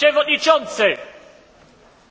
przewodniczący!